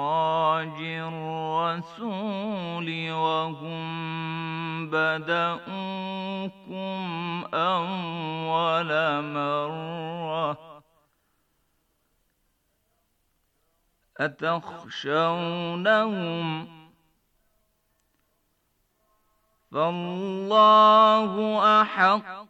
إخراج الرسول وهم بدأوكم أول مرة أتخشونهم فالله أحق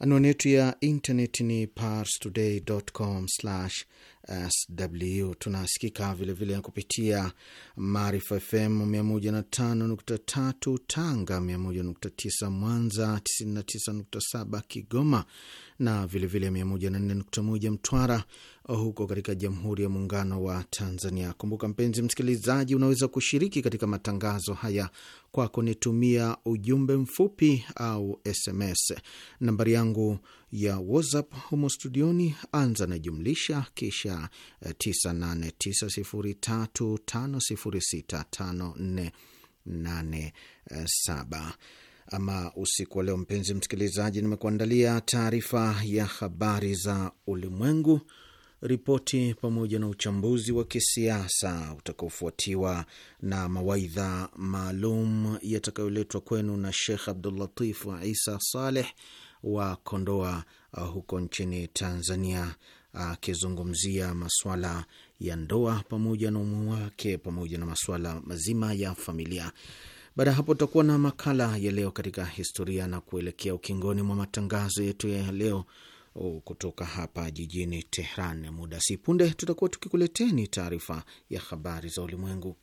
Anwani yetu ya intaneti ni parstoday.com/sw. Tunasikika vilevile kupitia Maarifa FM 105.3 Tanga, 101.9 Mwanza, 99.7 Kigoma, na vilevile 104.1 Mtwara huko katika Jamhuri ya Muungano wa Tanzania. Kumbuka mpenzi msikilizaji, unaweza kushiriki katika matangazo haya kwa kunitumia ujumbe mfupi au SMS. Nambari yangu ya WhatsApp humo studioni, anza na jumlisha kisha 989035065487 ama usiku wa leo, mpenzi msikilizaji, nimekuandalia taarifa ya habari za ulimwengu, ripoti pamoja na uchambuzi wa kisiasa utakaofuatiwa na mawaidha maalum yatakayoletwa kwenu na Shekh Abdulatif Isa Saleh wa Kondoa uh, huko nchini Tanzania, akizungumzia maswala ya ndoa pamoja na umuhimu wake pamoja na maswala mazima ya familia. Baada ya hapo, tutakuwa na makala ya leo katika historia na kuelekea ukingoni mwa matangazo yetu ya leo kutoka hapa jijini Tehran. Muda si punde tutakuwa tukikuleteni taarifa ya habari za ulimwengu.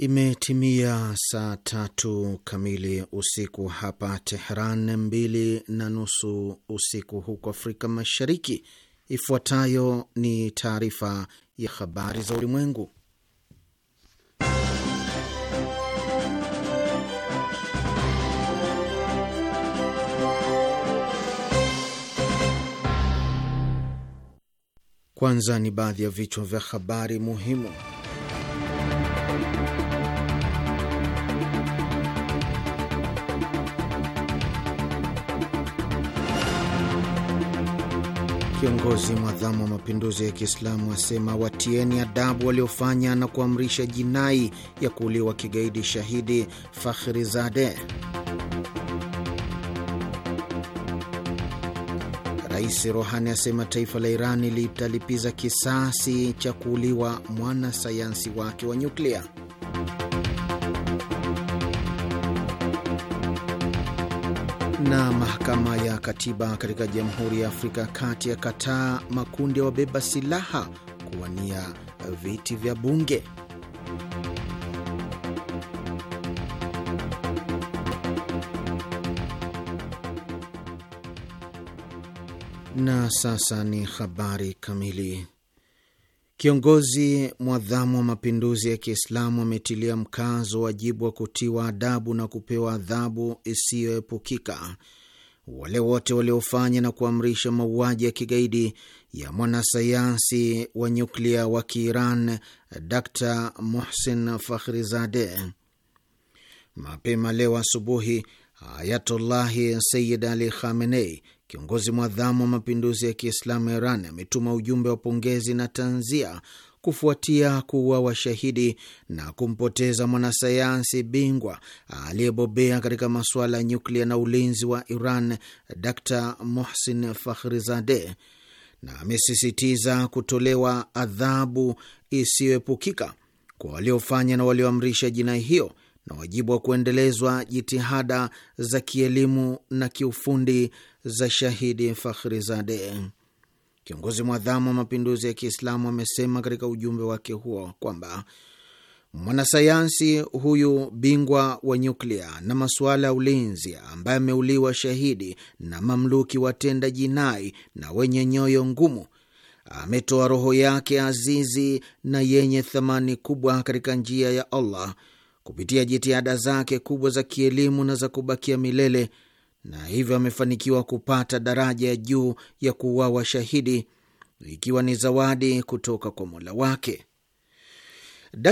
Imetimia saa tatu kamili usiku hapa Tehran, mbili na nusu usiku huko Afrika Mashariki. Ifuatayo ni taarifa ya habari za ulimwengu, kwanza ni baadhi ya vichwa vya habari muhimu. Kiongozi mwadhamu wa mapinduzi ya Kiislamu asema watieni adabu waliofanya na kuamrisha jinai ya kuuliwa kigaidi shahidi Fakhri Zade. Rais Rohani asema taifa la Irani litalipiza kisasi cha kuuliwa mwanasayansi wake wa nyuklia. Na mahakama ya katiba katika Jamhuri ya Afrika Kati ya kataa makundi ya wabeba silaha kuwania viti vya bunge. Na sasa ni habari kamili. Kiongozi mwadhamu wa mapinduzi ya Kiislamu ametilia mkazo wajibu wa kutiwa adabu na kupewa adhabu isiyoepukika wale wote waliofanya na kuamrisha mauaji ya kigaidi ya mwanasayansi wa nyuklia wa Kiiran Dr Mohsen Fakhrizade. Mapema leo asubuhi, Ayatullahi Sayid Ali Khamenei, kiongozi mwadhamu wa mapinduzi ya Kiislamu ya Iran ametuma ujumbe wa pongezi na tanzia kufuatia kuwa washahidi na kumpoteza mwanasayansi bingwa aliyebobea katika masuala ya nyuklia na ulinzi wa Iran, Dr Mohsin Fakhrizadeh, na amesisitiza kutolewa adhabu isiyoepukika kwa waliofanya na walioamrisha jinai hiyo na wajibu wa kuendelezwa jitihada za kielimu na kiufundi za shahidi Fakhrizadeh. Kiongozi mwadhamu wa mapinduzi ya Kiislamu amesema katika ujumbe wake huo kwamba mwanasayansi huyu bingwa wa nyuklia na masuala ya ulinzi ambaye ameuliwa shahidi na mamluki watenda jinai na wenye nyoyo ngumu ametoa roho yake azizi na yenye thamani kubwa katika njia ya Allah kupitia jitihada zake kubwa za kielimu na za kubakia milele, na hivyo amefanikiwa kupata daraja ya juu ya kuuawa shahidi, ikiwa ni zawadi kutoka kwa Mola wake. d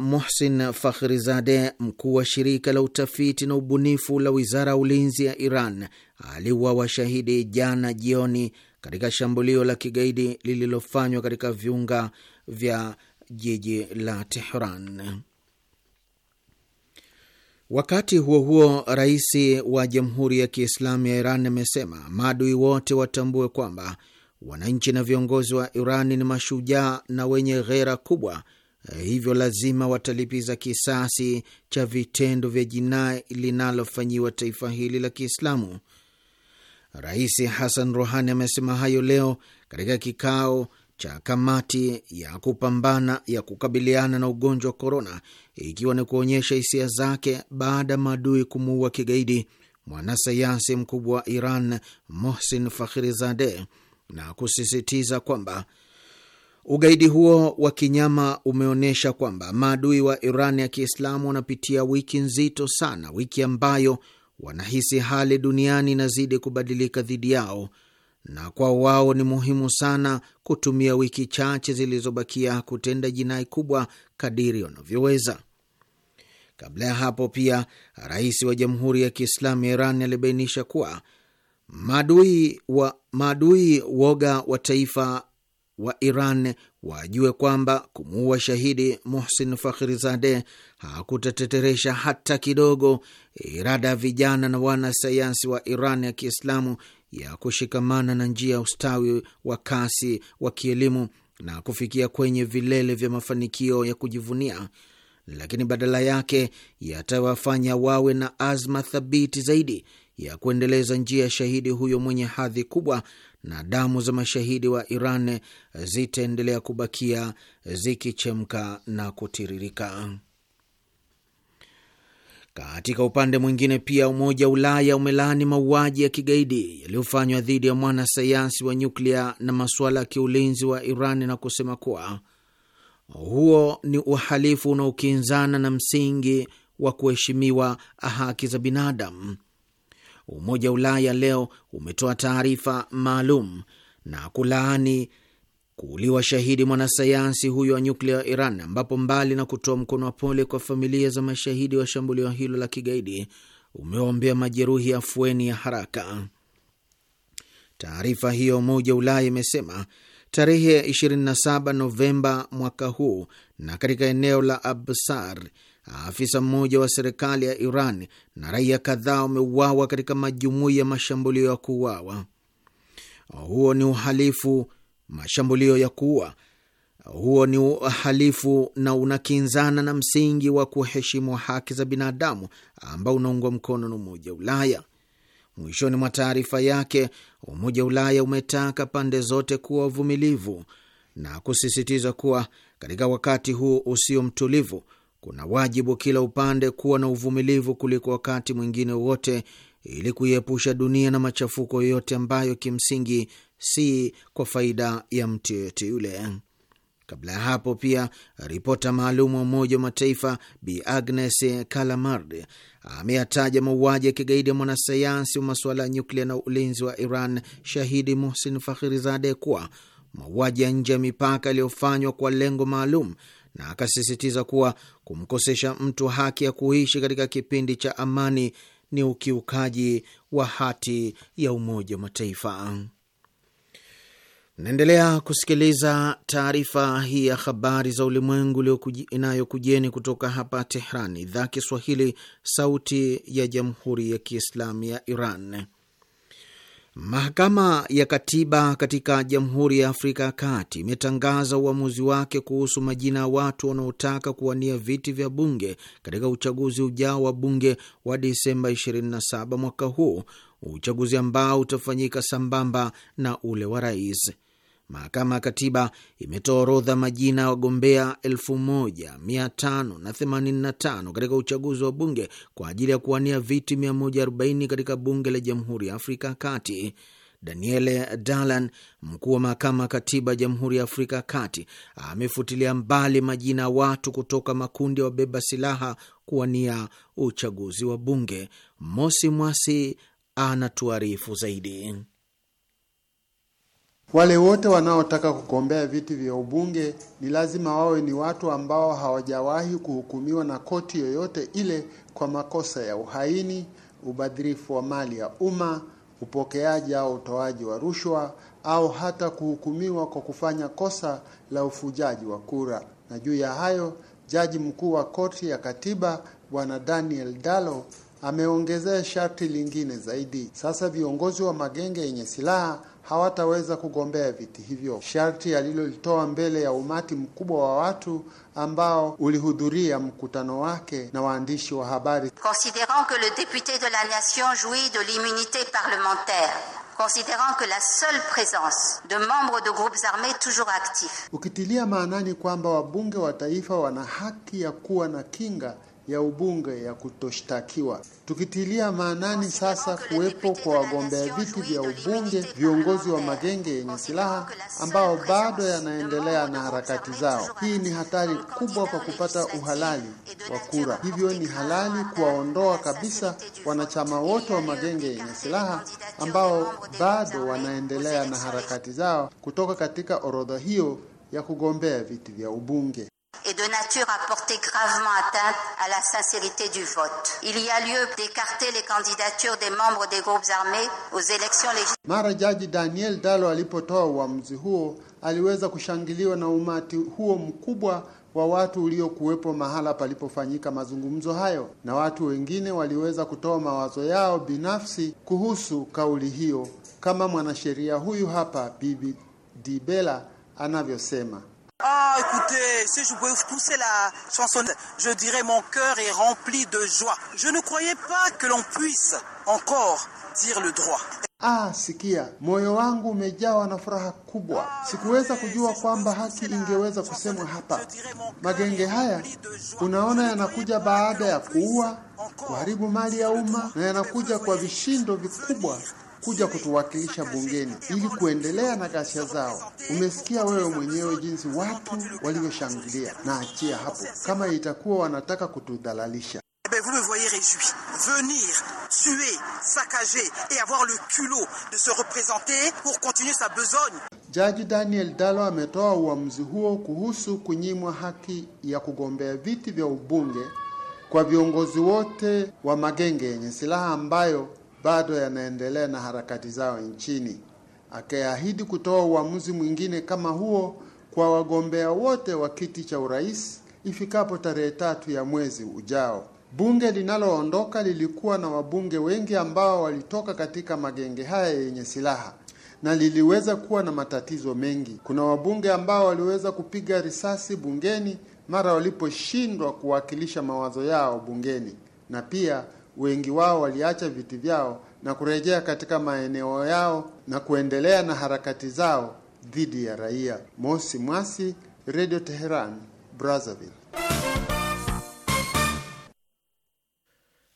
Muhsin Fakhrizade, mkuu wa shirika la utafiti na ubunifu la wizara ya ulinzi ya Iran, aliuawa shahidi jana jioni katika shambulio la kigaidi lililofanywa katika viunga vya jiji la Tehran. Wakati huo huo, rais wa Jamhuri ya Kiislamu ya Iran amesema maadui wote watambue kwamba wananchi na viongozi wa Iran ni mashujaa na wenye ghera kubwa, hivyo lazima watalipiza kisasi cha vitendo vya jinai linalofanyiwa taifa hili la Kiislamu. Rais Hassan Rouhani amesema hayo leo katika kikao cha kamati ya kupambana ya kukabiliana na ugonjwa wa korona, ikiwa ni kuonyesha hisia zake baada ya maadui kumuua kigaidi mwanasayansi mkubwa wa Iran Mohsin Fakhrizadeh na kusisitiza kwamba ugaidi huo wa kinyama umeonyesha kwamba maadui wa Iran ya Kiislamu wanapitia wiki nzito sana, wiki ambayo wanahisi hali duniani inazidi kubadilika dhidi yao na kwa wao ni muhimu sana kutumia wiki chache zilizobakia kutenda jinai kubwa kadiri wanavyoweza. Kabla ya hapo pia, rais wa Jamhuri ya Kiislamu ya Iran alibainisha kuwa maadui wa maadui woga wa taifa wa Iran wajue kwamba kumuua shahidi Muhsin Fakhrizadeh hakutateteresha hata kidogo irada ya vijana na wanasayansi wa Iran ya Kiislamu ya kushikamana na njia ya ustawi wa kasi wa kielimu na kufikia kwenye vilele vya mafanikio ya kujivunia, lakini badala yake yatawafanya wawe na azma thabiti zaidi ya kuendeleza njia ya shahidi huyo mwenye hadhi kubwa, na damu za mashahidi wa Iran zitaendelea kubakia zikichemka na kutiririka. Katika upande mwingine pia, Umoja wa Ulaya umelaani mauaji ya kigaidi yaliyofanywa dhidi ya mwanasayansi wa nyuklia na masuala ya kiulinzi wa Iran na kusema kuwa huo ni uhalifu unaokinzana na msingi wa kuheshimiwa haki za binadamu. Umoja wa Ulaya leo umetoa taarifa maalum na kulaani kuuliwa shahidi mwanasayansi huyo wa nyuklia wa Iran, ambapo mbali na kutoa mkono wa pole kwa familia za mashahidi wa shambulio hilo la kigaidi umewaombea majeruhi afueni ya haraka. Taarifa hiyo Umoja wa Ulaya imesema tarehe ya 27 Novemba mwaka huu, na katika eneo la Absar afisa mmoja wa serikali ya Iran na raia kadhaa wameuawa katika majumuiya ya mashambulio ya kuuawa. Huo ni uhalifu mashambulio ya kuua. Huo ni uhalifu na unakinzana na msingi wa kuheshimu haki za binadamu ambao unaungwa mkono na Umoja wa Ulaya. Mwishoni mwa taarifa yake, Umoja wa Ulaya umetaka pande zote kuwa wavumilivu na kusisitiza kuwa katika wakati huu usio mtulivu, kuna wajibu kila upande kuwa na uvumilivu kuliko wakati mwingine wote ili kuiepusha dunia na machafuko yoyote ambayo kimsingi si kwa faida ya mtu yoyote yule. Kabla ya hapo pia, ripota maalum wa Umoja wa Mataifa Bi Agnes Kalamard ameyataja mauaji ya kigaidi ya mwanasayansi wa masuala ya nyuklia na ulinzi wa Iran Shahidi Muhsin Fakhrizadeh kuwa mauaji ya nje ya mipaka yaliyofanywa kwa lengo maalum na akasisitiza kuwa kumkosesha mtu haki ya kuishi katika kipindi cha amani ni ukiukaji wa hati ya Umoja wa Mataifa. Naendelea kusikiliza taarifa hii ya habari za ulimwengu inayokujeni kutoka hapa Tehran, idhaa Kiswahili, sauti ya jamhuri ya kiislamu ya Iran. Mahakama ya katiba katika Jamhuri ya Afrika ya Kati imetangaza uamuzi wake kuhusu majina ya watu wanaotaka kuwania viti vya bunge katika uchaguzi ujao wa bunge wa Disemba 27 mwaka huu, uchaguzi ambao utafanyika sambamba na ule wa rais. Mahakama ya Katiba imetoa orodha majina ya wagombea 1585 katika uchaguzi wa bunge kwa ajili ya kuwania viti 140 katika bunge la Jamhuri ya Afrika ya Kati. Daniele Dalan, mkuu wa mahakama ya katiba Jamhuri ya Afrika ya Kati, amefutilia mbali majina ya watu kutoka makundi ya wabeba silaha kuwania uchaguzi wa bunge. Mosi Mwasi anatuarifu zaidi. Wale wote wanaotaka kugombea viti vya ubunge ni lazima wawe ni watu ambao hawajawahi kuhukumiwa na koti yoyote ile kwa makosa ya uhaini, ubadhirifu wa mali ya umma, upokeaji au utoaji wa rushwa au hata kuhukumiwa kwa kufanya kosa la ufujaji wa kura. Na juu ya hayo, jaji mkuu wa koti ya katiba Bwana Daniel Dalo ameongezea sharti lingine zaidi. Sasa viongozi wa magenge yenye silaha hawataweza kugombea viti hivyo, sharti alilolitoa mbele ya umati mkubwa wa watu ambao ulihudhuria mkutano wake na waandishi wa habari. considerant que le député de la nation jouit de l'immunité parlementaire considérant que la seule présence de membres de groupes armés toujours actifs, ukitilia maanani kwamba wabunge wa taifa wana haki ya kuwa na kinga ya ubunge ya kutoshtakiwa, tukitilia maanani sasa kuwepo kwa wagombea viti vya ubunge viongozi wa magenge yenye silaha ambao bado yanaendelea na harakati zao. Hii ni hatari kubwa kwa kupata uhalali wa kura, hivyo ni halali kuwaondoa kabisa wanachama wote wa magenge yenye silaha ambao bado wanaendelea na harakati zao kutoka katika orodha hiyo ya kugombea viti vya ubunge est de nature à porter gravement atteinte à la sincérité du vote. Il y a lieu d'écarter les candidatures des membres des groupes armés aux élections législatives. Mara Jaji Daniel Dalo alipotoa uamuzi huo, aliweza kushangiliwa na umati huo mkubwa wa watu uliokuwepo mahala palipofanyika mazungumzo hayo, na watu wengine waliweza kutoa mawazo yao binafsi kuhusu kauli hiyo, kama mwanasheria huyu hapa Bibi Dibela anavyosema. Ah, écoutez, si je pouvais pousser la chanson, je dirais mon cœur est rempli de joie. Je ne croyais pas que l'on puisse encore dire le droit. Ah, sikia, moyo wangu umejawa na furaha kubwa. Ah, Sikuweza eh, kujua kwamba haki ingeweza kusemwa hapa. Magenge haya unaona yanakuja baada ya kuua, kuharibu mali ya umma na yanakuja kwa vishindo vikubwa kuja kutuwakilisha bungeni ili kuendelea na ghasia zao. Umesikia wewe mwenyewe jinsi watu walivyoshangilia, na achia hapo kama itakuwa wanataka kutudhalalisha. Eh ben, vous me voyez réjoui. Venir, tuer, saccager et avoir le culot de se représenter pour continuer sa besogne. Jaji Daniel Dalo ametoa uamuzi huo kuhusu kunyimwa haki ya kugombea viti vya ubunge kwa viongozi wote wa magenge yenye silaha ambayo bado yanaendelea na harakati zao nchini, akiahidi kutoa uamuzi mwingine kama huo kwa wagombea wote wa kiti cha urais ifikapo tarehe tatu ya mwezi ujao. Bunge linaloondoka lilikuwa na wabunge wengi ambao walitoka katika magenge haya yenye silaha na liliweza kuwa na matatizo mengi. Kuna wabunge ambao waliweza kupiga risasi bungeni mara waliposhindwa kuwakilisha mawazo yao bungeni, na pia wengi wao waliacha viti vyao na kurejea katika maeneo yao na kuendelea na harakati zao dhidi ya raia. Mosi Mwasi, Radio Teheran, Brazzaville.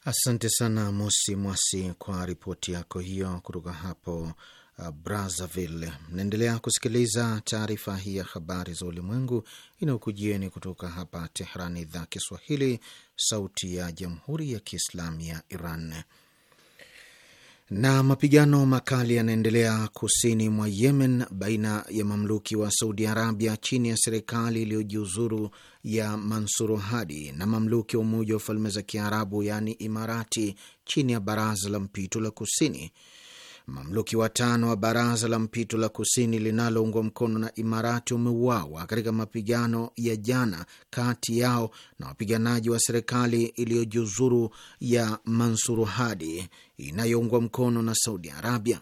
Asante sana Mosi Mwasi kwa ripoti yako hiyo kutoka hapo uh, Brazzaville. Mnaendelea kusikiliza taarifa hii ya habari za ulimwengu inayokujieni kutoka hapa Teherani, idhaa Kiswahili, sauti ya jamhuri ya kiislamu ya Iran. Na mapigano makali yanaendelea kusini mwa Yemen baina ya mamluki wa Saudi Arabia chini ya serikali iliyojiuzuru ya Mansuru Hadi na mamluki wa Umoja wa Falme za Kiarabu yaani Imarati chini ya Baraza la Mpito la Kusini Mamluki watano wa baraza la mpito la kusini linaloungwa mkono na Imarati umeuawa katika mapigano ya jana kati yao na wapiganaji wa serikali iliyojuzuru ya Mansuru Hadi inayoungwa mkono na Saudi Arabia.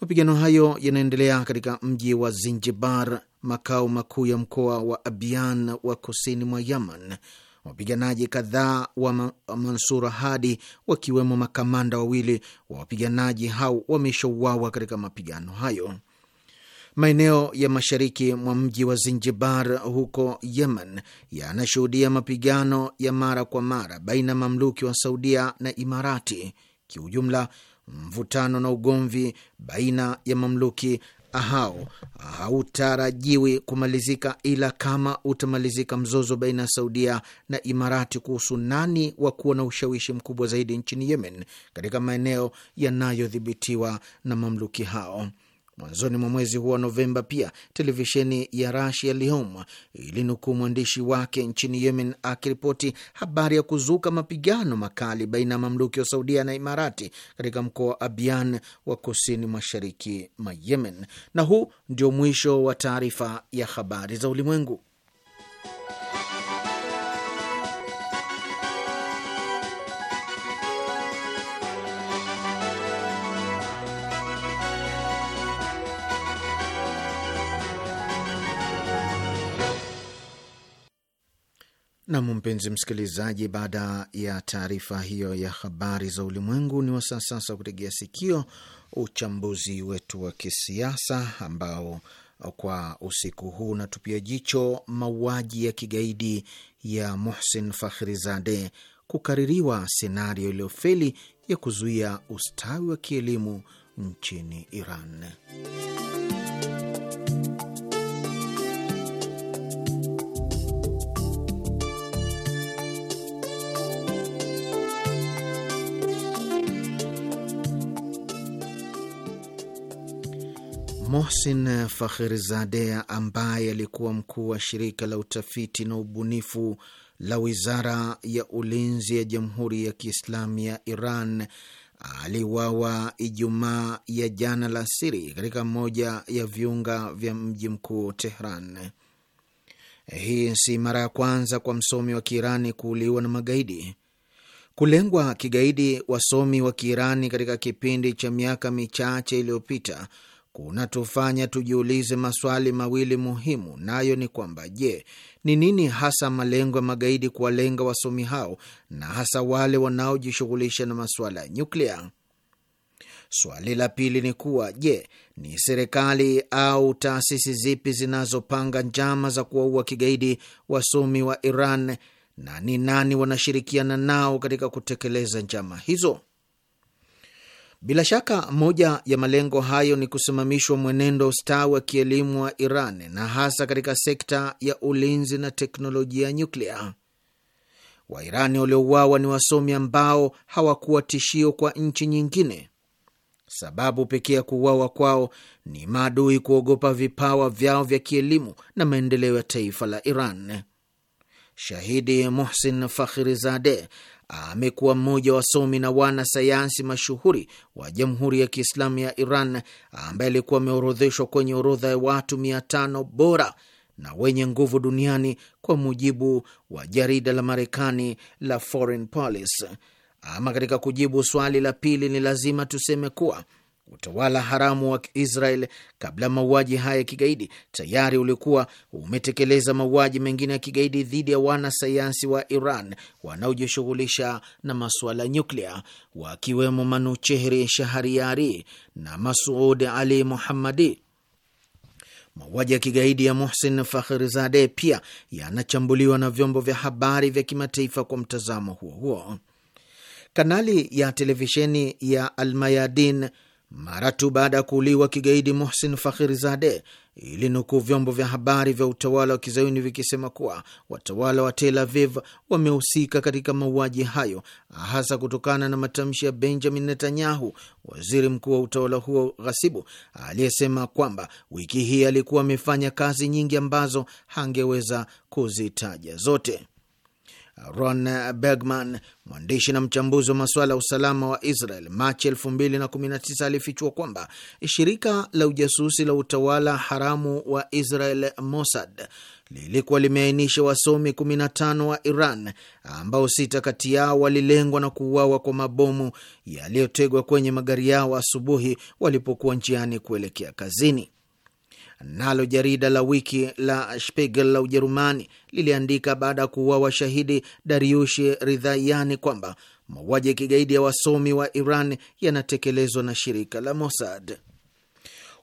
Mapigano hayo yanaendelea katika mji wa Zinjibar, makao makuu ya mkoa wa Abian wa kusini mwa Yaman Wapiganaji kadhaa wa mansur Hadi, wakiwemo makamanda wawili wa wapiganaji hao, wameshauawa katika mapigano hayo. Maeneo ya mashariki mwa mji wa Zinjibar huko Yemen yanashuhudia mapigano ya mara kwa mara baina ya mamluki wa Saudia na Imarati. Kiujumla, mvutano na ugomvi baina ya mamluki hao hautarajiwi kumalizika ila kama utamalizika mzozo baina ya Saudia na Imarati kuhusu nani wa kuwa na ushawishi mkubwa zaidi nchini Yemen katika maeneo yanayodhibitiwa na mamluki hao. Mwanzoni mwa mwezi huu wa Novemba pia televisheni ya Rasia Leum ilinukuu mwandishi wake nchini Yemen akiripoti habari ya kuzuka mapigano makali baina ya mamluki wa Saudia na Imarati katika mkoa wa Abian wa kusini mashariki ma Yemen. Na huu ndio mwisho wa taarifa ya habari za ulimwengu. Nam, mpenzi msikilizaji, baada ya taarifa hiyo ya habari za ulimwengu, ni wasaa sasa kutegea sikio uchambuzi wetu wa kisiasa ambao kwa usiku huu unatupia jicho mauaji ya kigaidi ya Muhsin Fakhrizade, kukaririwa senario iliyofeli ya kuzuia ustawi wa kielimu nchini Iran. Mohsin Fakhrizadeh ambaye alikuwa mkuu wa shirika la utafiti na ubunifu la wizara ya ulinzi ya Jamhuri ya Kiislamu ya Iran aliwawa Ijumaa ya jana la siri katika moja ya viunga vya mji mkuu Tehran. Hii si mara ya kwanza kwa msomi wa Kiirani kuuliwa na magaidi. Kulengwa kigaidi wasomi wa Kiirani katika kipindi cha miaka michache iliyopita kunatufanya tujiulize maswali mawili muhimu, nayo ni kwamba je, ni nini hasa malengo ya magaidi kuwalenga wasomi hao na hasa wale wanaojishughulisha na masuala ya nyuklia? Swali la pili ni kuwa je, ni serikali au taasisi zipi zinazopanga njama za kuwaua kigaidi wasomi wa Iran na ni nani wanashirikiana nao katika kutekeleza njama hizo? Bila shaka moja ya malengo hayo ni kusimamishwa mwenendo wa ustawi wa kielimu wa Iran na hasa katika sekta ya ulinzi na teknolojia ya nyuklia. Wairani waliouawa ni wasomi ambao hawakuwa tishio kwa nchi nyingine. Sababu pekee ya kuuawa kwao ni maadui kuogopa vipawa vyao vya kielimu na maendeleo ya taifa la Iran. Shahidi Muhsin zade amekuwa mmoja wa somi na wana sayansi mashuhuri wa Jamhuri ya Kiislamu ya Iran ambaye alikuwa ameorodheshwa kwenye orodha ya watu mia tano bora na wenye nguvu duniani kwa mujibu wa jarida la Marekani la Foreign Policy. Ama katika kujibu swali la pili, ni lazima tuseme kuwa Utawala haramu wa Israel kabla mauaji haya ya kigaidi tayari ulikuwa umetekeleza mauaji mengine ya kigaidi dhidi ya wanasayansi wa Iran wanaojishughulisha na masuala nyuklia, wakiwemo Manuchehri Shahariari na Masud Ali Muhammadi. Mauaji ya kigaidi ya Muhsin Fakhrizadeh pia yanachambuliwa na vyombo vya habari vya kimataifa kwa mtazamo huo huo. Kanali ya televisheni ya Almayadin mara tu baada ya kuuliwa kigaidi Muhsin Fakhiri Zade, ilinukuu vyombo vya habari vya utawala wa kizayuni vikisema kuwa watawala wa Tel Aviv wamehusika katika mauaji hayo, hasa kutokana na matamshi ya Benjamin Netanyahu, waziri mkuu wa utawala huo ghasibu, aliyesema kwamba wiki hii alikuwa amefanya kazi nyingi ambazo hangeweza kuzitaja zote. Ron Bergman, mwandishi na mchambuzi wa masuala ya usalama wa Israel, Machi 2019 alifichua kwamba shirika la ujasusi la utawala haramu wa Israel, Mossad, lilikuwa limeainisha wasomi 15 wa Iran ambao sita kati yao walilengwa na kuuawa kwa mabomu yaliyotegwa kwenye magari yao asubuhi walipokuwa njiani kuelekea kazini. Nalo jarida la wiki la Spiegel la Ujerumani liliandika baada ya kuuawa shahidi Dariushi Ridhaiani kwamba mauaji ya kigaidi ya wasomi wa Iran yanatekelezwa na shirika la Mossad.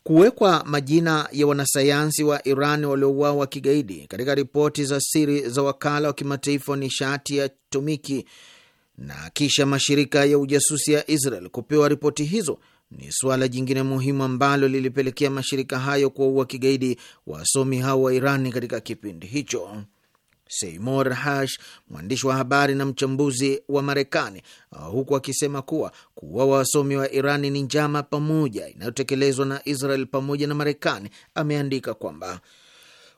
Kuwekwa majina ya wanasayansi wa Iran waliouawa kigaidi katika ripoti za siri za wakala wa kimataifa wa nishati ya tumiki na kisha mashirika ya ujasusi ya Israel kupewa ripoti hizo ni suala jingine muhimu ambalo lilipelekea mashirika hayo kuwaua kigaidi wasomi hao wa Irani katika kipindi hicho. Seymour Hersh, mwandishi wa habari na mchambuzi wa Marekani, huku akisema kuwa kuuawa wasomi wa Irani ni njama pamoja inayotekelezwa na Israel pamoja na Marekani, ameandika kwamba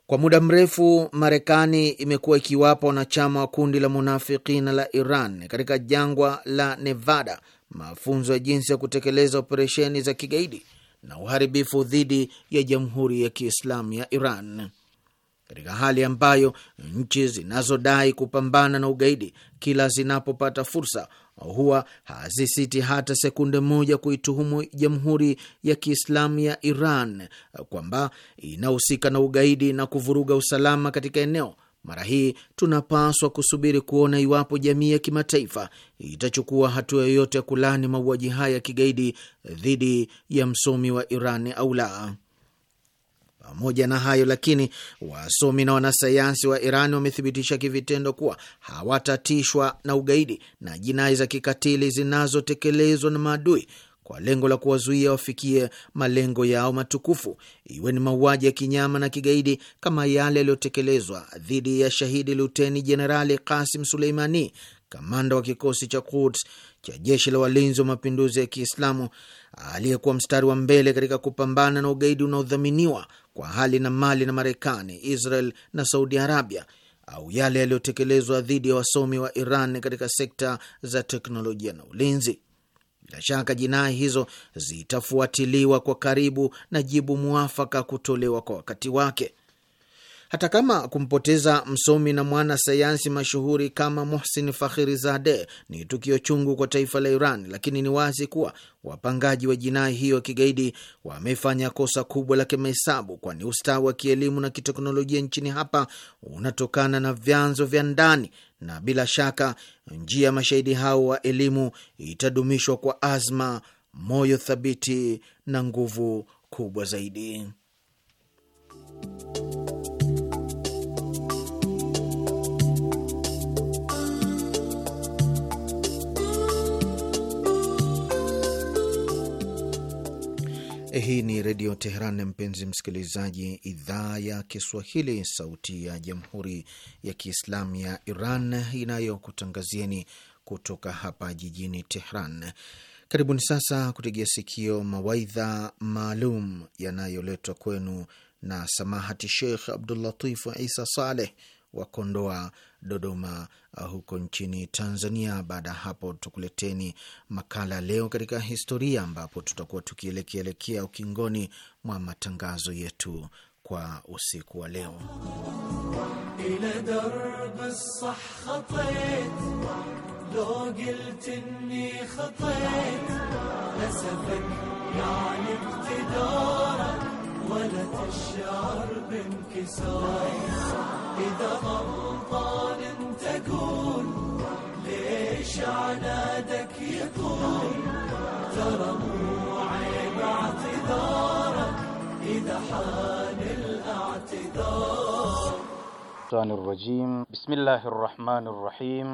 kwa muda mrefu Marekani imekuwa ikiwapa wanachama wa kundi la munafikina la Iran katika jangwa la Nevada mafunzo ya jinsi ya kutekeleza operesheni za kigaidi na uharibifu dhidi ya Jamhuri ya Kiislamu ya Iran katika hali ambayo nchi zinazodai kupambana na ugaidi kila zinapopata fursa huwa hazisiti hata sekunde moja kuituhumu Jamhuri ya Kiislamu ya Iran kwamba inahusika na ugaidi na kuvuruga usalama katika eneo mara hii tunapaswa kusubiri kuona iwapo jamii ya kimataifa itachukua hatua yoyote ya kulani mauaji haya ya kigaidi dhidi ya msomi wa Iran au la. Pamoja na hayo lakini, wasomi na wanasayansi wa Iran wamethibitisha kivitendo kuwa hawatatishwa na ugaidi na jinai za kikatili zinazotekelezwa na maadui kwa lengo la kuwazuia wafikie malengo yao matukufu, iwe ni mauaji ya kinyama na kigaidi kama yale yaliyotekelezwa dhidi ya shahidi Luteni Jenerali Kasim Suleimani, kamanda wa kikosi cha Quds cha jeshi la walinzi wa mapinduzi ya Kiislamu aliyekuwa mstari wa mbele katika kupambana na ugaidi unaodhaminiwa kwa hali na mali na Marekani, Israel na Saudi Arabia, au yale yaliyotekelezwa dhidi ya wasomi wa Iran katika sekta za teknolojia na ulinzi. Bila shaka jinai hizo zitafuatiliwa kwa karibu na jibu mwafaka kutolewa kwa wakati wake hata kama kumpoteza msomi na mwana sayansi mashuhuri kama Mohsin Fakhiri Zade ni tukio chungu kwa taifa la Iran, lakini ni wazi kuwa wapangaji wa jinai hiyo ya kigaidi wamefanya kosa kubwa la kimahesabu, kwani ustawi wa kielimu na kiteknolojia nchini hapa unatokana na vyanzo vya ndani, na bila shaka njia ya mashahidi hao wa elimu itadumishwa kwa azma, moyo thabiti na nguvu kubwa zaidi. Eh, hii ni Redio Teheran, mpenzi msikilizaji, idhaa ya Kiswahili, sauti ya Jamhuri ya Kiislamu ya Iran inayokutangazieni kutoka hapa jijini Teheran. Karibuni sasa kutegea sikio mawaidha maalum yanayoletwa kwenu na samahati Sheikh Abdulatif Isa Saleh wa Kondoa Dodoma uh, huko nchini Tanzania. Baada ya hapo, tukuleteni makala leo katika historia, ambapo tutakuwa tukielekeelekea ukingoni mwa matangazo yetu kwa usiku wa leo. عنادك يطول ترى مو عيب اعتذارك إذا حان الاعتذار الشيطان الرجيم بسم الله الرحمن الرحيم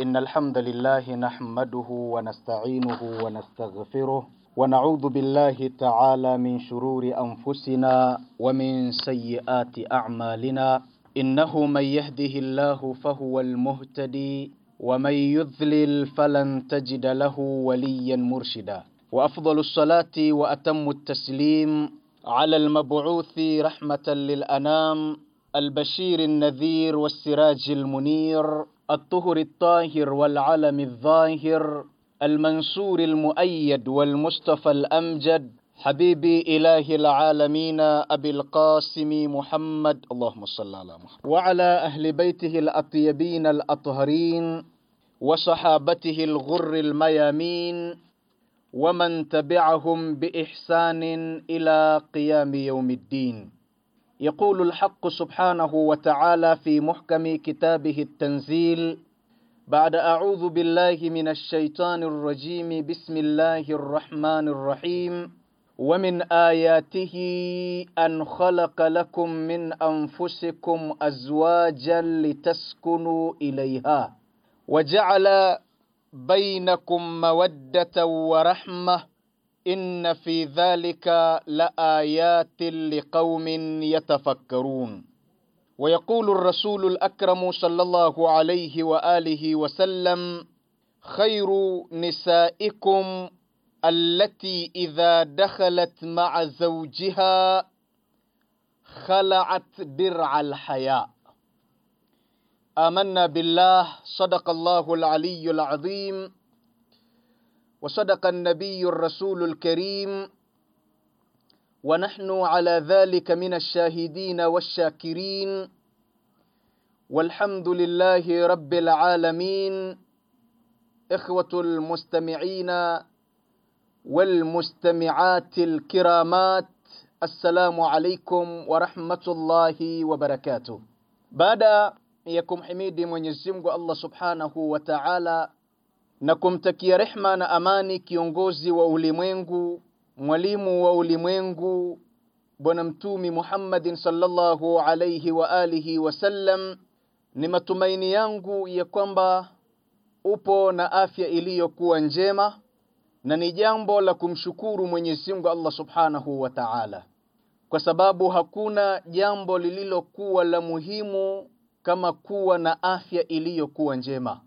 إن الحمد لله نحمده ونستعينه ونستغفره ونعوذ بالله تعالى من شرور أنفسنا ومن سيئات أعمالنا إنه من يهده الله فهو المهتدي ومن يذلل فلن تجد له وليا مرشدا وافضل الصلاه واتم التسليم على المبعوث رحمه للانام البشير النذير والسراج المنير الطهر الطاهر والعلم الظاهر المنصور المؤيد والمصطفى الامجد حبيبي إله العالمين أبي القاسم محمد اللهم صل على محمد وعلى أهل بيته الأطيبين الأطهرين وصحابته الغر الميامين ومن تبعهم بإحسان إلى قيام يوم الدين يقول الحق سبحانه وتعالى في محكم كتابه التنزيل بعد أعوذ بالله من الشيطان الرجيم بسم الله الرحمن الرحيم ومن آياته أن خلق لكم من أنفسكم أزواجا لتسكنوا إليها وجعل بينكم مودة ورحمة إن في ذلك لآيات لقوم يتفكرون ويقول الرسول الأكرم صلى الله عليه وآله وسلم خير نسائكم التي إذا دخلت مع زوجها خلعت درع الحياء آمنا بالله صدق الله العلي العظيم وصدق النبي الرسول الكريم ونحن على ذلك من الشاهدين والشاكرين والحمد لله رب العالمين إخوة المستمعين والمستمعات الكرامات السلام عليكم ورحمة الله وبركاته ya kumhimidi حميد من Allah subhanahu سبحانه وتعالى na kumtakia rehma na amani kiongozi wa ulimwengu, mwalimu wa ulimwengu, Bwana Mtumi Muhammadin salllahu alaihi wa wasallam, ni matumaini yangu ya kwamba upo na afya iliyokuwa njema na ni jambo la kumshukuru Mwenyezi Mungu Allah Subhanahu wa Ta'ala kwa sababu hakuna jambo lililokuwa la muhimu kama kuwa na afya iliyokuwa njema.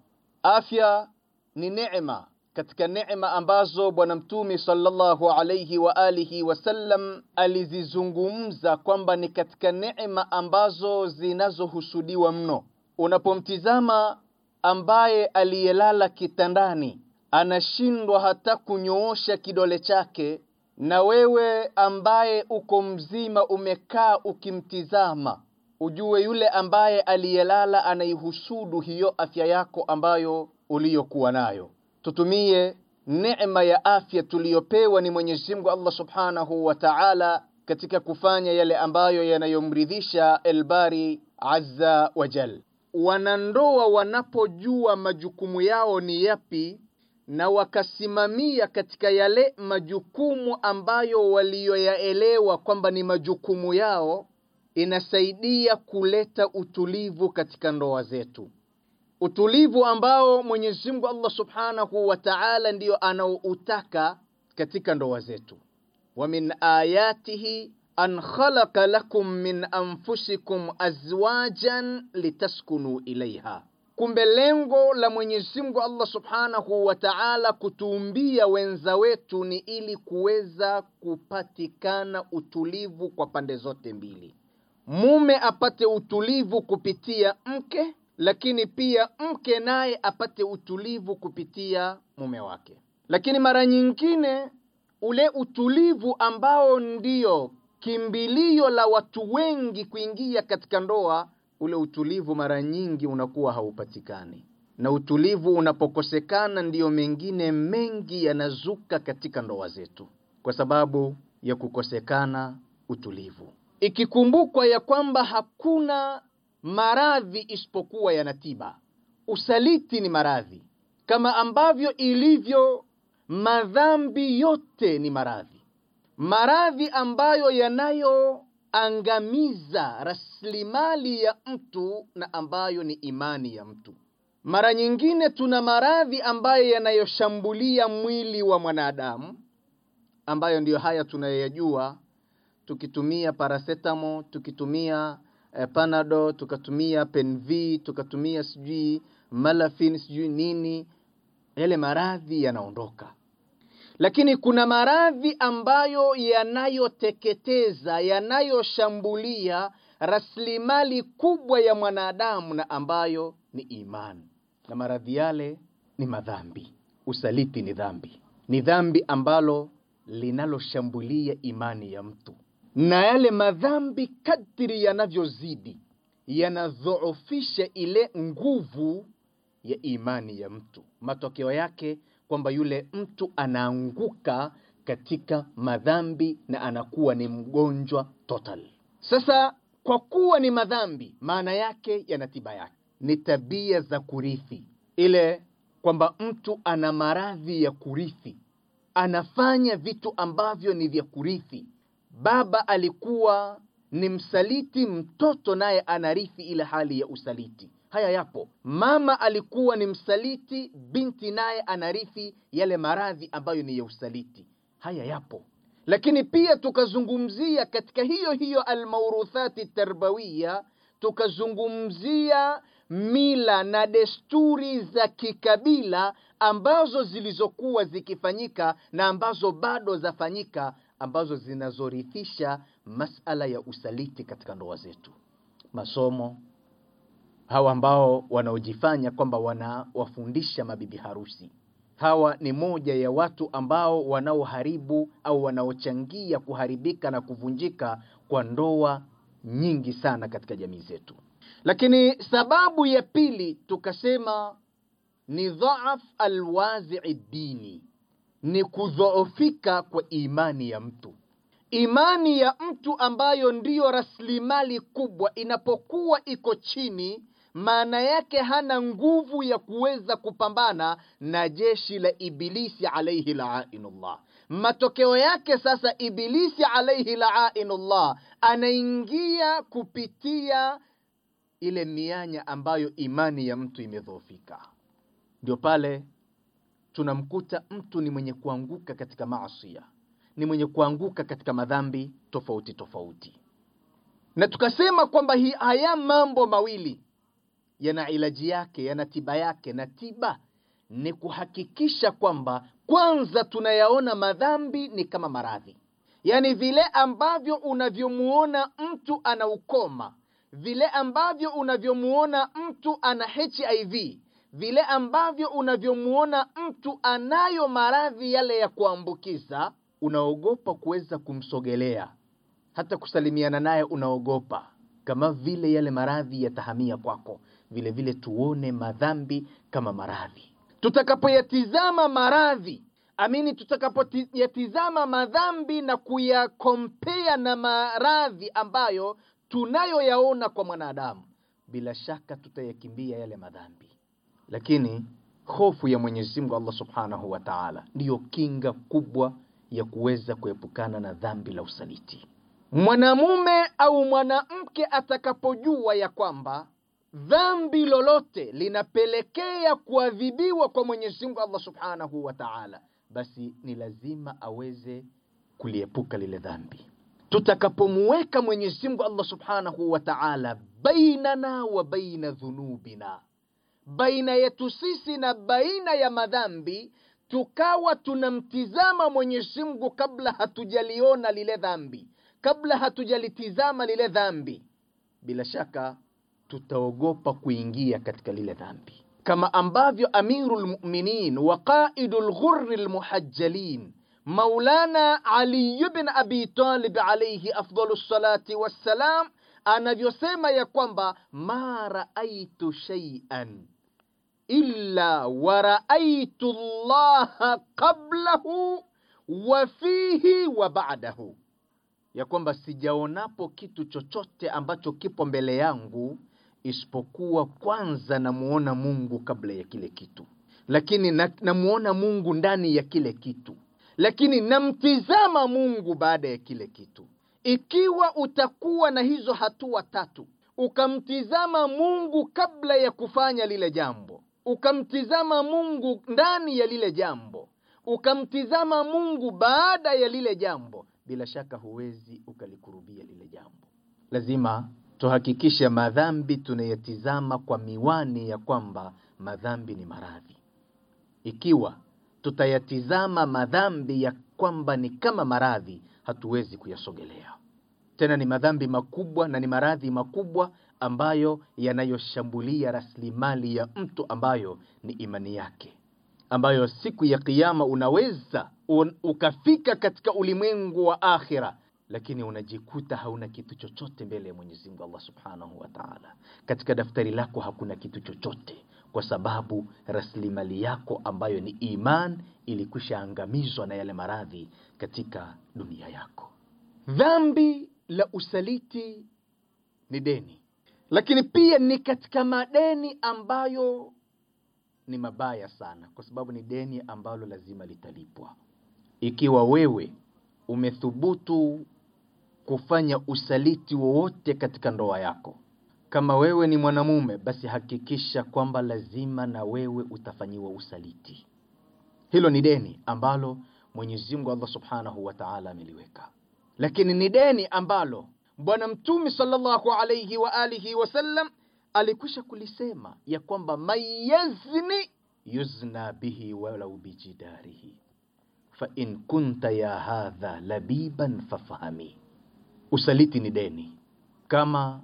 Afya ni neema katika neema ambazo Bwana Mtume sallallahu alayhi wa alihi wasallam alizizungumza kwamba ni katika neema ambazo zinazohusudiwa mno. Unapomtizama ambaye aliyelala kitandani anashindwa hata kunyoosha kidole chake na wewe ambaye uko mzima umekaa ukimtizama ujue yule ambaye aliyelala anaihusudu hiyo afya yako ambayo uliyokuwa nayo tutumie neema ya afya tuliyopewa ni Mwenyezi Mungu Allah Subhanahu wa Ta'ala katika kufanya yale ambayo yanayomridhisha Elbari Azza wa Jal. Wanandoa wanapojua majukumu yao ni yapi na wakasimamia katika yale majukumu ambayo waliyoyaelewa kwamba ni majukumu yao, inasaidia kuleta utulivu katika ndoa zetu, utulivu ambao Mwenyezi Mungu Allah Subhanahu wa Ta'ala ndiyo anaoutaka katika ndoa zetu. wa min ayatihi an khalaqa lakum min anfusikum azwajan litaskunu ilaiha Kumbe lengo la Mwenyezi Mungu Allah Subhanahu wa Ta'ala kutuumbia wenza wetu ni ili kuweza kupatikana utulivu kwa pande zote mbili. Mume apate utulivu kupitia mke, lakini pia mke naye apate utulivu kupitia mume wake. Lakini mara nyingine ule utulivu ambao ndio kimbilio la watu wengi kuingia katika ndoa ule utulivu mara nyingi unakuwa haupatikani, na utulivu unapokosekana, ndiyo mengine mengi yanazuka katika ndoa zetu kwa sababu ya kukosekana utulivu. Ikikumbukwa ya kwamba hakuna maradhi isipokuwa yana tiba, usaliti ni maradhi kama ambavyo ilivyo madhambi yote ni maradhi, maradhi ambayo yanayo angamiza rasilimali ya mtu na ambayo ni imani ya mtu. Mara nyingine tuna maradhi ambayo yanayoshambulia mwili wa mwanadamu ambayo ndiyo haya tunayoyajua, tukitumia paracetamol, tukitumia eh, panado, tukatumia penv, tukatumia sijui malafin, sijui nini, yale maradhi yanaondoka lakini kuna maradhi ambayo yanayoteketeza, yanayoshambulia rasilimali kubwa ya mwanadamu na ambayo ni imani, na maradhi yale ni madhambi. Usaliti ni dhambi, ni dhambi ambalo linaloshambulia imani ya mtu, na yale madhambi kadri yanavyozidi yanadhoofisha ile nguvu ya imani ya mtu. Matokeo yake kwamba yule mtu anaanguka katika madhambi na anakuwa ni mgonjwa total. Sasa kwa kuwa ni madhambi, maana yake yana tiba yake, ni tabia za kurithi, ile kwamba mtu ana maradhi ya kurithi, anafanya vitu ambavyo ni vya kurithi. Baba alikuwa ni msaliti, mtoto naye anarithi ile hali ya usaliti haya yapo. Mama alikuwa ni msaliti, binti naye anarithi yale maradhi ambayo ni ya usaliti. Haya yapo, lakini pia tukazungumzia katika hiyo hiyo almauruthati tarbawiya, tukazungumzia mila na desturi za kikabila ambazo zilizokuwa zikifanyika na ambazo bado zafanyika ambazo zinazorithisha masala ya usaliti katika ndoa zetu. Masomo hawa ambao wanaojifanya kwamba wanawafundisha mabibi harusi. Hawa ni moja ya watu ambao wanaoharibu au wanaochangia kuharibika na kuvunjika kwa ndoa nyingi sana katika jamii zetu. Lakini sababu ya pili tukasema ni dhaaf alwazi'i dini, ni kudhoofika kwa imani ya mtu. Imani ya mtu ambayo ndiyo rasilimali kubwa, inapokuwa iko chini, maana yake hana nguvu ya kuweza kupambana na jeshi la Ibilisi alaihi laainullah. Matokeo yake sasa, Ibilisi alaihi laainullah anaingia kupitia ile mianya ambayo imani ya mtu imedhoofika. Ndio pale tunamkuta mtu ni mwenye kuanguka katika maasia, ni mwenye kuanguka katika madhambi tofauti tofauti, na tukasema kwamba haya mambo mawili yana ilaji yake, yana tiba yake, na tiba ni kuhakikisha kwamba kwanza tunayaona madhambi ni kama maradhi, yaani vile ambavyo unavyomuona mtu ana ukoma, vile ambavyo unavyomuona mtu ana HIV, vile ambavyo unavyomuona mtu anayo maradhi yale ya kuambukiza, unaogopa kuweza kumsogelea, hata kusalimiana naye unaogopa, kama vile yale maradhi yatahamia kwako vile vile tuone madhambi kama maradhi. Tutakapoyatizama maradhi amini, tutakapoyatizama madhambi na kuyakompea na maradhi ambayo tunayoyaona kwa mwanadamu, bila shaka tutayakimbia yale madhambi. Lakini hofu ya Mwenyezi Mungu Allah Subhanahu wa Ta'ala ndiyo kinga kubwa ya kuweza kuepukana na dhambi la usaliti. Mwanamume au mwanamke atakapojua ya kwamba dhambi lolote linapelekea kuadhibiwa kwa Mwenyezi Mungu Allah Subhanahu wa Ta'ala, basi ni lazima aweze kuliepuka lile dhambi. Tutakapomuweka Mwenyezi Mungu Allah Subhanahu wa Ta'ala bainana wa baina dhunubina, baina yetu sisi na baina ya madhambi, tukawa tunamtizama Mwenyezi Mungu kabla hatujaliona lile dhambi, kabla hatujalitizama lile dhambi, bila shaka tutaogopa kuingia katika lile dhambi, kama ambavyo Amirul Mu'minin wa qaidul ghurril muhajjalin Maulana Ali ibn Abi Talib alayhi afdalu salati wassalam anavyosema ya kwamba ma raaitu shay'an illa wa raaitu Allah qablahu wa fihi wa ba'dahu, ya kwamba sijaonapo kitu chochote ambacho kipo mbele yangu isipokuwa kwanza namuona Mungu kabla ya kile kitu, lakini namuona Mungu ndani ya kile kitu, lakini namtizama Mungu baada ya kile kitu. Ikiwa utakuwa na hizo hatua tatu, ukamtizama Mungu kabla ya kufanya lile jambo, ukamtizama Mungu ndani ya lile jambo, ukamtizama Mungu baada ya lile jambo, bila shaka huwezi ukalikurubia lile jambo, lazima tuhakikishe madhambi tunayetizama kwa miwani ya kwamba madhambi ni maradhi. Ikiwa tutayatizama madhambi ya kwamba ni kama maradhi, hatuwezi kuyasogelea tena. Ni madhambi makubwa na ni maradhi makubwa ambayo yanayoshambulia rasilimali ya mtu ambayo ni imani yake, ambayo siku ya Kiyama unaweza un, ukafika katika ulimwengu wa akhira lakini unajikuta hauna kitu chochote mbele ya Mwenyezi Mungu Allah Subhanahu wa Ta'ala. Katika daftari lako hakuna kitu chochote, kwa sababu rasilimali yako ambayo ni iman ilikwishaangamizwa angamizwa na yale maradhi katika dunia yako. Dhambi la usaliti ni deni, lakini pia ni katika madeni ambayo ni mabaya sana, kwa sababu ni deni ambalo lazima litalipwa. Ikiwa wewe umethubutu kufanya usaliti wowote katika ndoa yako. Kama wewe ni mwanamume, basi hakikisha kwamba lazima na wewe utafanyiwa usaliti. Hilo ni deni ambalo Mwenyezi Mungu Allah Subhanahu wa Ta'ala ameliweka, lakini ni deni ambalo Bwana Mtume sallallahu alayhi wa alihi wasallam alikwisha kulisema ya kwamba mayazni yuzna bihi walau bijidarihi fa in kunta ya hadha labiban fafahami Usaliti ni deni. Kama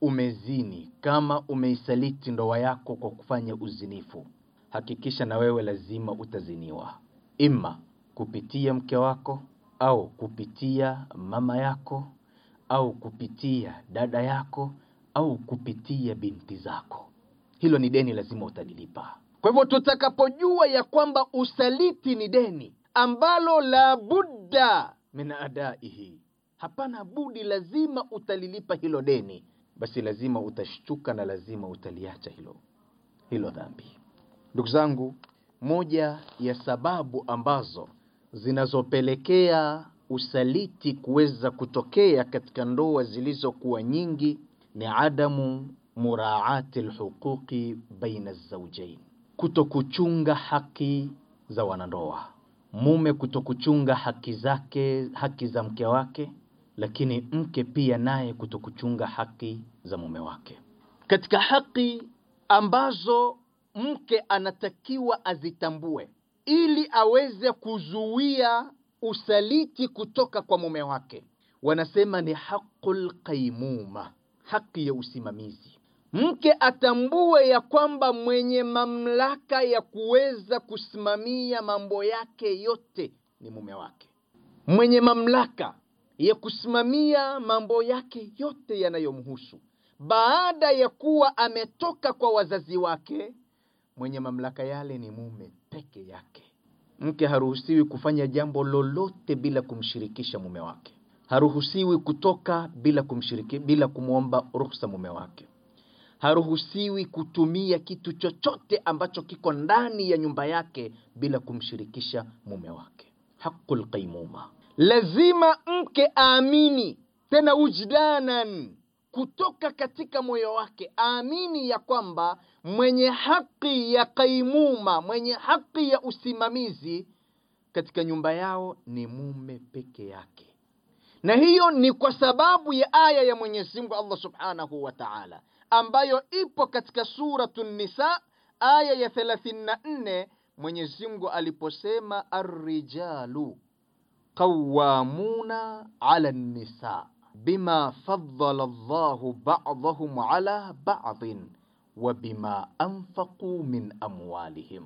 umezini, kama umeisaliti ndoa yako kwa kufanya uzinifu, hakikisha na wewe lazima utaziniwa, ima kupitia mke wako au kupitia mama yako au kupitia dada yako au kupitia binti zako. Hilo ni deni, lazima utalilipa. Kwa hivyo tutakapojua ya kwamba usaliti ni deni ambalo la budda min adaihi hapana budi, lazima utalilipa hilo deni, basi lazima utashtuka na lazima utaliacha hilo hilo dhambi. Ndugu zangu, moja ya sababu ambazo zinazopelekea usaliti kuweza kutokea katika ndoa zilizokuwa nyingi ni adamu muraati lhuquqi baina zaujain, kutokuchunga haki za wanandoa, mume kutokuchunga haki zake, haki za mke wake lakini mke pia naye kutokuchunga haki za mume wake. Katika haki ambazo mke anatakiwa azitambue ili aweze kuzuia usaliti kutoka kwa mume wake, wanasema ni haqul qaimuma, haki ya usimamizi. Mke atambue ya kwamba mwenye mamlaka ya kuweza kusimamia mambo yake yote ni mume wake, mwenye mamlaka ya kusimamia mambo yake yote yanayomhusu baada ya kuwa ametoka kwa wazazi wake. Mwenye mamlaka yale ni mume peke yake. Mke haruhusiwi kufanya jambo lolote bila kumshirikisha mume wake. Haruhusiwi kutoka bila kumshiriki, bila kumwomba ruhusa mume wake. Haruhusiwi kutumia kitu chochote ambacho kiko ndani ya nyumba yake bila kumshirikisha mume wake. Hakul qaymuma lazima mke aamini tena wujdanan kutoka katika moyo wake aamini ya kwamba mwenye haki ya kaimuma mwenye haki ya usimamizi katika nyumba yao ni mume peke yake na hiyo ni kwa sababu ya aya ya Mwenyezi Mungu Allah Subhanahu wa Ta'ala ambayo ipo katika suratu Nisa aya ya 34 Mwenyezi Mungu aliposema arrijalu qawamuna ala nisa bima faddala llahu ba'dahum ala ba'din wa bima anfaqu min amwalihim.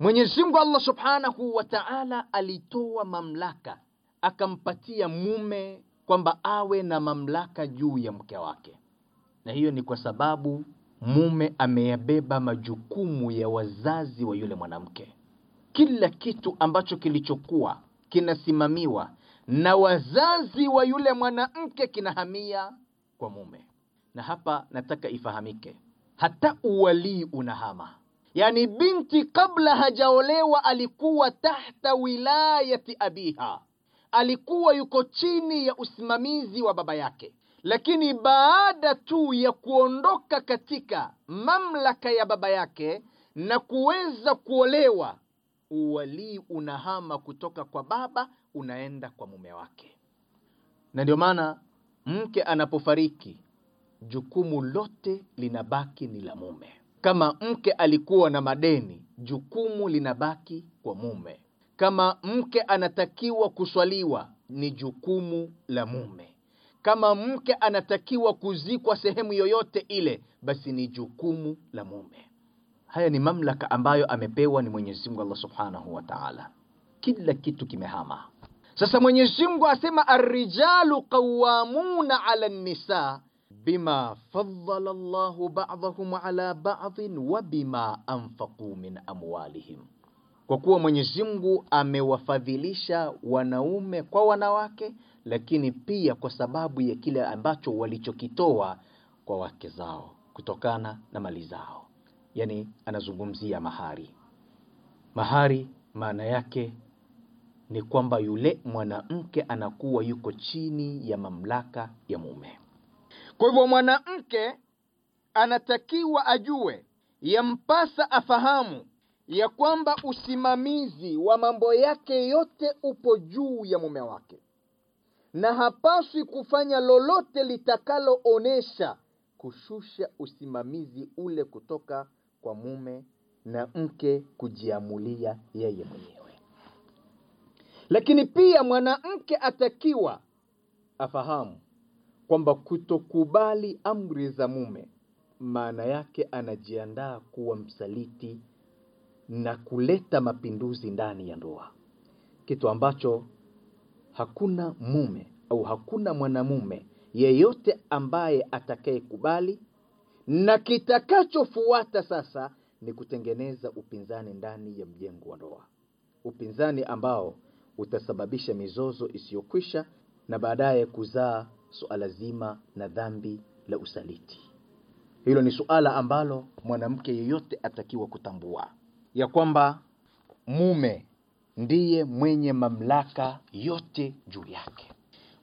Mwenyezi Mungu Allah Subhanahu wa Ta'ala alitoa mamlaka akampatia mume kwamba awe na mamlaka juu ya mke wake, na hiyo ni kwa sababu mume ameyabeba majukumu ya wazazi wa yule mwanamke. Kila kitu ambacho kilichokuwa kinasimamiwa na wazazi wa yule mwanamke kinahamia kwa mume. Na hapa nataka ifahamike, hata uwalii unahama. yani binti kabla hajaolewa alikuwa tahta wilayati abiha, alikuwa yuko chini ya usimamizi wa baba yake, lakini baada tu ya kuondoka katika mamlaka ya baba yake na kuweza kuolewa uwalii unahama kutoka kwa baba unaenda kwa mume wake. Na ndio maana mke anapofariki jukumu lote linabaki ni la mume. Kama mke alikuwa na madeni, jukumu linabaki kwa mume. Kama mke anatakiwa kuswaliwa, ni jukumu la mume. Kama mke anatakiwa kuzikwa sehemu yoyote ile, basi ni jukumu la mume. Haya ni mamlaka ambayo amepewa ni Mwenyezi Mungu Allah Subhanahu wa Ta'ala. Kila kitu kimehama. Sasa Mwenyezi Mungu asema arrijalu qawwamuna 'ala an-nisa bima faddala Allahu ba'dahum 'ala ba'dhin wa bima anfaqu min amwalihim. Kwa kuwa Mwenyezi Mungu amewafadhilisha wanaume kwa wanawake, lakini pia kwa sababu ya kile ambacho walichokitoa kwa wake zao kutokana na mali zao yani anazungumzia mahari. Mahari maana yake ni kwamba yule mwanamke anakuwa yuko chini ya mamlaka ya mume. Kwa hivyo mwanamke anatakiwa ajue, yampasa afahamu ya kwamba usimamizi wa mambo yake yote upo juu ya mume wake, na hapaswi kufanya lolote litakaloonyesha kushusha usimamizi ule kutoka kwa mume na mke kujiamulia yeye mwenyewe. Lakini pia mwanamke atakiwa afahamu kwamba kutokubali amri za mume maana yake anajiandaa kuwa msaliti na kuleta mapinduzi ndani ya ndoa, kitu ambacho hakuna mume au hakuna mwanamume yeyote ambaye atakayekubali na kitakachofuata sasa ni kutengeneza upinzani ndani ya mjengo wa ndoa, upinzani ambao utasababisha mizozo isiyokwisha na baadaye kuzaa suala zima na dhambi la usaliti. Hilo ni suala ambalo mwanamke yeyote atakiwa kutambua ya kwamba mume ndiye mwenye mamlaka yote juu yake.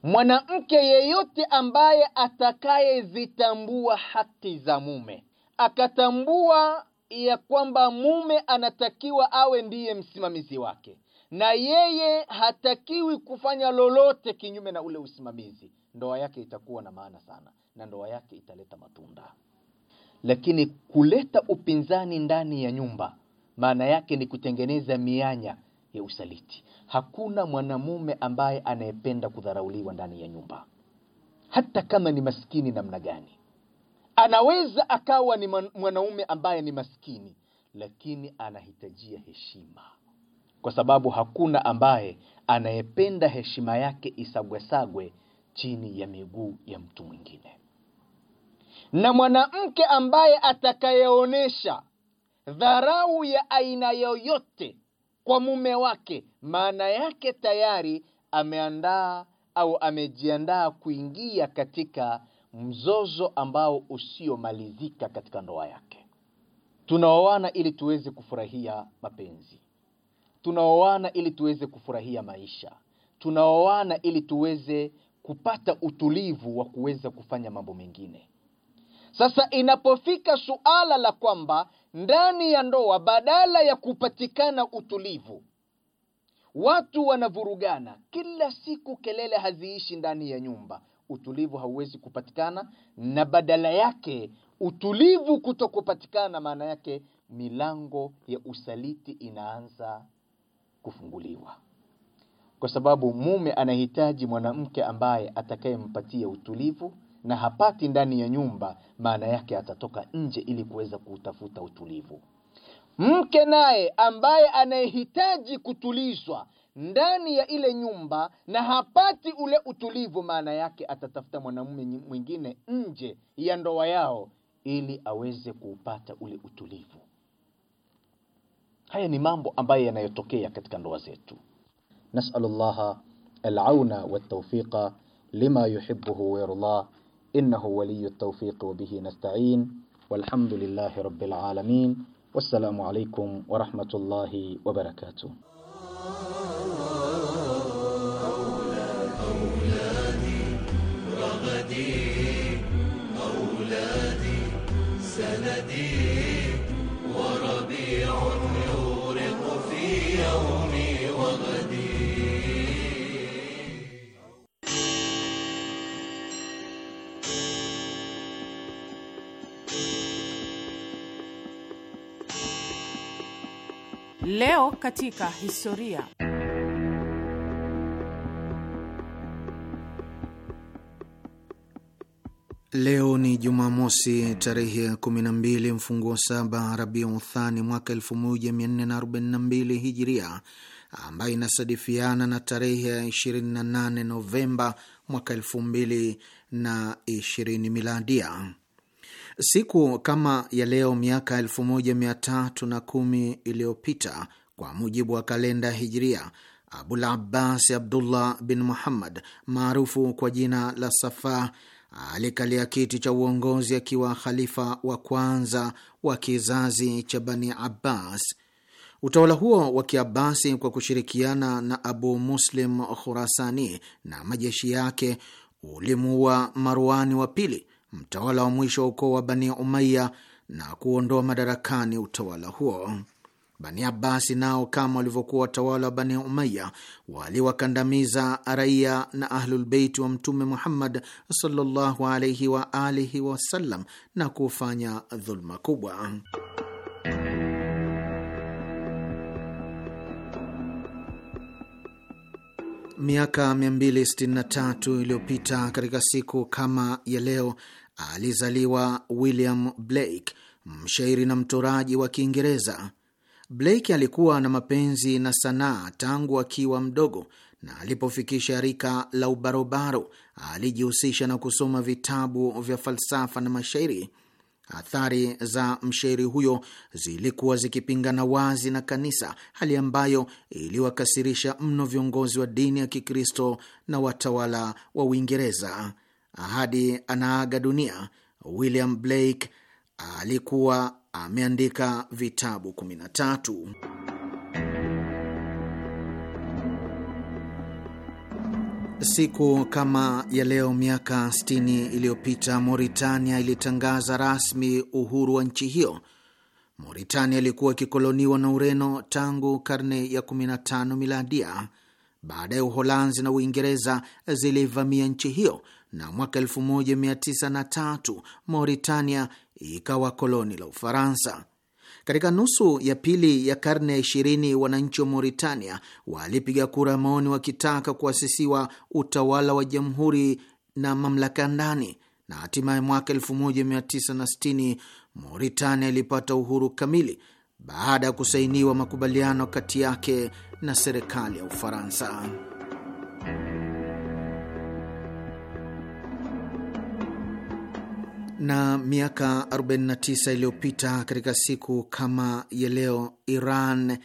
Mwanamke yeyote ambaye atakayezitambua haki za mume, akatambua ya kwamba mume anatakiwa awe ndiye msimamizi wake na yeye hatakiwi kufanya lolote kinyume na ule usimamizi, ndoa yake itakuwa na maana sana na ndoa yake italeta matunda. Lakini kuleta upinzani ndani ya nyumba, maana yake ni kutengeneza mianya ya usaliti hakuna mwanamume ambaye anayependa kudharauliwa ndani ya nyumba, hata kama ni maskini namna gani. Anaweza akawa ni mwanaume ambaye ni maskini, lakini anahitajia heshima, kwa sababu hakuna ambaye anayependa heshima yake isagwesagwe chini ya miguu ya mtu mwingine. Na mwanamke ambaye atakayeonyesha dharau ya aina yoyote kwa mume wake, maana yake tayari ameandaa au amejiandaa kuingia katika mzozo ambao usiomalizika katika ndoa yake. Tunaoana ili tuweze kufurahia mapenzi, tunaoana ili tuweze kufurahia maisha, tunaoana ili tuweze kupata utulivu wa kuweza kufanya mambo mengine. Sasa inapofika suala la kwamba ndani ya ndoa badala ya kupatikana utulivu, watu wanavurugana kila siku, kelele haziishi ndani ya nyumba, utulivu hauwezi kupatikana, na badala yake utulivu kutokupatikana, maana yake milango ya usaliti inaanza kufunguliwa, kwa sababu mume anahitaji mwanamke ambaye atakayempatia utulivu na hapati ndani ya nyumba, maana yake atatoka nje ili kuweza kuutafuta utulivu. Mke naye ambaye anayehitaji kutulizwa ndani ya ile nyumba na hapati ule utulivu, maana yake atatafuta mwanamume mwingine nje ya ndoa yao ili aweze kuupata ule utulivu. Haya ni mambo ambayo yanayotokea katika ndoa zetu. Nasalullaha alauna wtaufia lima yuhibuhu wayardhah. إنه ولي التوفيق وبه نستعين والحمد لله رب العالمين والسلام عليكم ورحمة الله وبركاته Leo katika historia. Leo ni Jumamosi tarehe ya 12 mfunguo saba rabia uthani mwaka 1442 Hijiria, ambayo inasadifiana na tarehe ya 28 Novemba mwaka 2020 Miladia. Siku kama ya leo miaka elfu moja mia tatu na kumi iliyopita kwa mujibu wa kalenda Hijria, Abul Abbas Abdullah bin Muhammad maarufu kwa jina la Safa alikalia kiti cha uongozi akiwa khalifa wa kwanza wa kizazi cha Bani Abbas. Utawala huo wa Kiabasi, kwa kushirikiana na Abu Muslim Khurasani na majeshi yake, ulimuua Marwani wa pili mtawala wa mwisho wa ukoo wa Bani Umaya na kuondoa madarakani utawala huo. Bani Abasi nao kama walivyokuwa watawala wa Bani Umaya waliwakandamiza raia na Ahlulbeiti wa Mtume Muhammad sallallahu alaihi wa alihi wasallam na kufanya dhuluma kubwa. Miaka 263 iliyopita katika siku kama ya leo alizaliwa William Blake, mshairi na mtoraji wa Kiingereza. Blake alikuwa na mapenzi na sanaa tangu akiwa mdogo, na alipofikisha rika la ubarobaro alijihusisha na kusoma vitabu vya falsafa na mashairi. Athari za mshairi huyo zilikuwa zikipingana wazi na kanisa, hali ambayo iliwakasirisha mno viongozi wa dini ya Kikristo na watawala wa Uingereza hadi anaaga dunia, William Blake alikuwa ameandika vitabu 13. Siku kama ya leo miaka 60 iliyopita Mauritania ilitangaza rasmi uhuru wa nchi hiyo. Mauritania ilikuwa ikikoloniwa na Ureno tangu karne ya 15 miladia. Baadaye Uholanzi na Uingereza zilivamia nchi hiyo na mwaka 1903 Mauritania ikawa koloni la Ufaransa. Katika nusu ya pili ya karne ya 20 wananchi wa Mauritania walipiga kura maoni wakitaka kuasisiwa utawala wa jamhuri na mamlaka ndani, na hatimaye mwaka 1960 Mauritania ilipata uhuru kamili baada ya kusainiwa makubaliano kati yake na serikali ya Ufaransa. Na miaka 49 iliyopita katika siku kama ya leo, Iran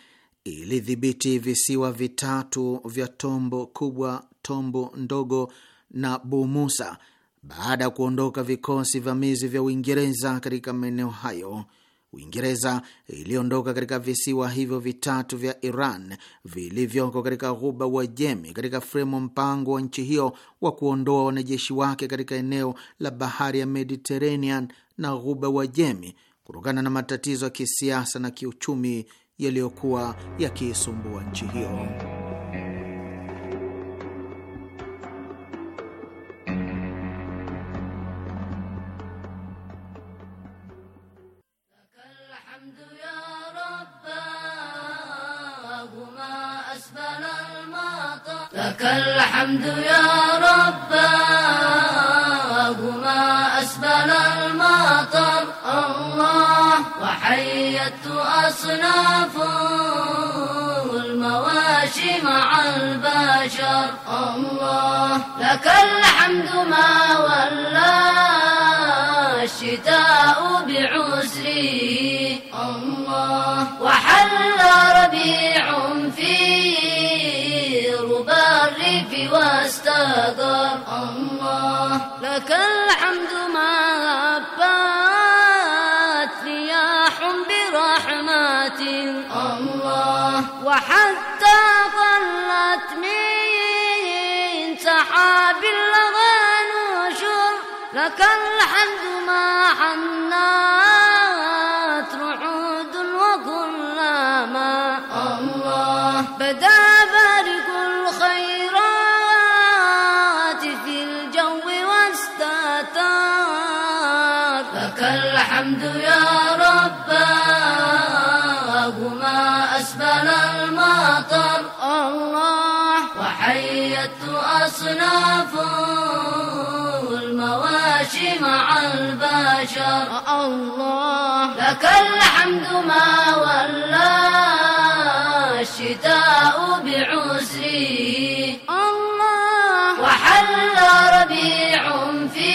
ilidhibiti visiwa vitatu vya Tombo Kubwa, Tombo Ndogo na Bumusa baada ya kuondoka vikosi vamizi vya Uingereza katika maeneo hayo. Uingereza iliondoka katika visiwa hivyo vitatu vya Iran vilivyoko katika ghuba Jemi katika fremu mpango wa nchi hiyo wa kuondoa wanajeshi wake katika eneo la bahari ya Mediterranean na ghuba Jemi kutokana na matatizo ya kisiasa na kiuchumi yaliyokuwa yakiisumbua nchi hiyo. لك الحمد يا رباه ما أسبل المطر الله وحيت أصناف المواشي مع البشر الله لك الحمد ما ولى الشتاء بعسره الله وحل ربيع فيه المبرئ واستغفر الله لك الحمد ما غبت رياح برحمة الله وحتى ظلت من سحاب الغان وشر لك الحمد ما حنات رعود وكلما الله بدأ أصناف المواشي مع البشر الله لك الحمد ما ولى الشتاء بعسره الله وحل ربيع في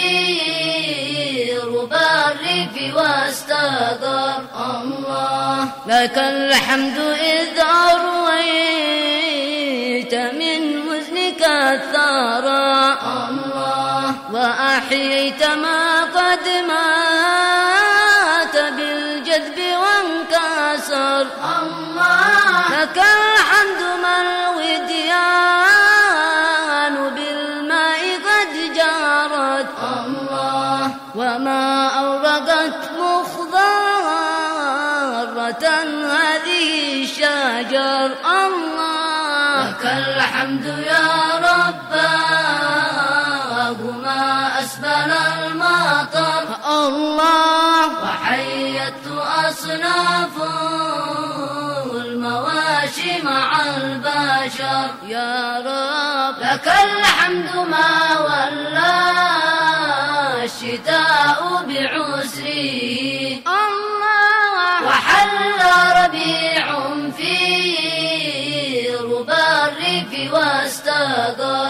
ربا الريف واستقر الله لك الحمد إذ أرويت من ثارا الله وأحييت ما قد مات بالجذب وانكسر الله لك الحمد ما الوديان بالماء قد جارت الله وما أورقت مخضرة هذه الشجر الله لك الحمد يا الله وحيت أصناف المواشي مع البشر يا رب لك الحمد ما ولى الشتاء بعسره الله وحل ربيع في رب الريف واستقر